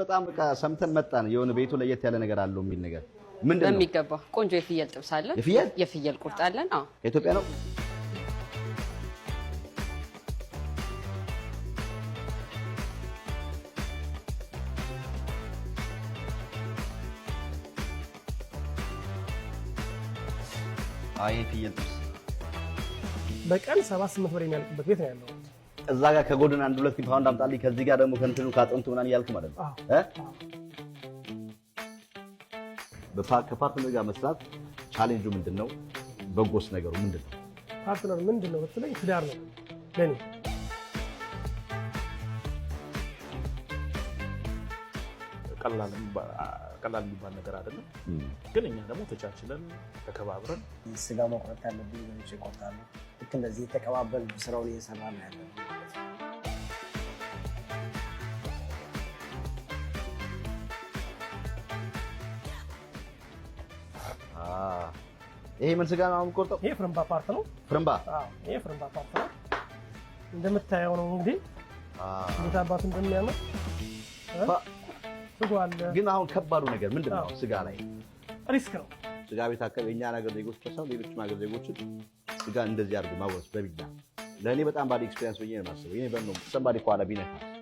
በጣም በቃ ሰምተን መጣን። የሆነ ቤቱ ለየት ያለ ነገር አለው የሚል ነገር ምንድን ነው? በሚገባ ቆንጆ የፍየል ጥብስ አለን። የፍየል የፍየል ቁርጥ አለን። አዎ ከኢትዮጵያ ነው። አይ የፍየል ጥብስ በቀን 78 ብር የሚያልቅበት ቤት ነው ያለው። እዛ ጋር ከጎድን አንድ ሁለት ፓውንድ አምጣልኝ፣ ከዚህ ጋር ደግሞ ከእንትኑ ከአጥንቱ ምናምን እያልኩ ማለት ነው። ከፓርትነር ጋር መስራት ቻሌንጁ ምንድን ነው? በጎስ ነገሩ ምንድን ነው? ፓርትነር ምንድን ነው ብትለኝ ትዳር ነው ለኔ። ቀላል የሚባል ነገር አይደለም። ግን እኛ ደግሞ ተቻችለን ተከባብረን ስጋ መቁረጥ ያለብኝ ቆርጣለሁ ልክ እንደዚህ የተቀባበል ስራውን እየሰራ ነው ያለ ይሄ ምን ስጋ ነው የምቆርጠው? ይሄ ፍርምባ ፓርት ነው። ፍርምባ? አዎ፣ ይሄ ፍርምባ ፓርት ነው። እንደምታየው ነው እንግዲህ። አዎ፣ እንዴት አባቱ እንደሚያምር ስጋ አለ። ግን አሁን ከባዱ ነገር ምንድን ነው? ስጋ ላይ ሪስክ ነው። ስጋ ቤት አካባቢ የእኛን ሀገር ዜጎች ሌሎችም ሀገር ዜጎችን ስጋ እንደዚህ አድርግ ማጉረስ በቢላ ለእኔ በጣም ባድ ኤክስፔሪንስ ብዬ ነው የማስበው። ይህ በ ሰንባዴ ከኋላ ቢነካ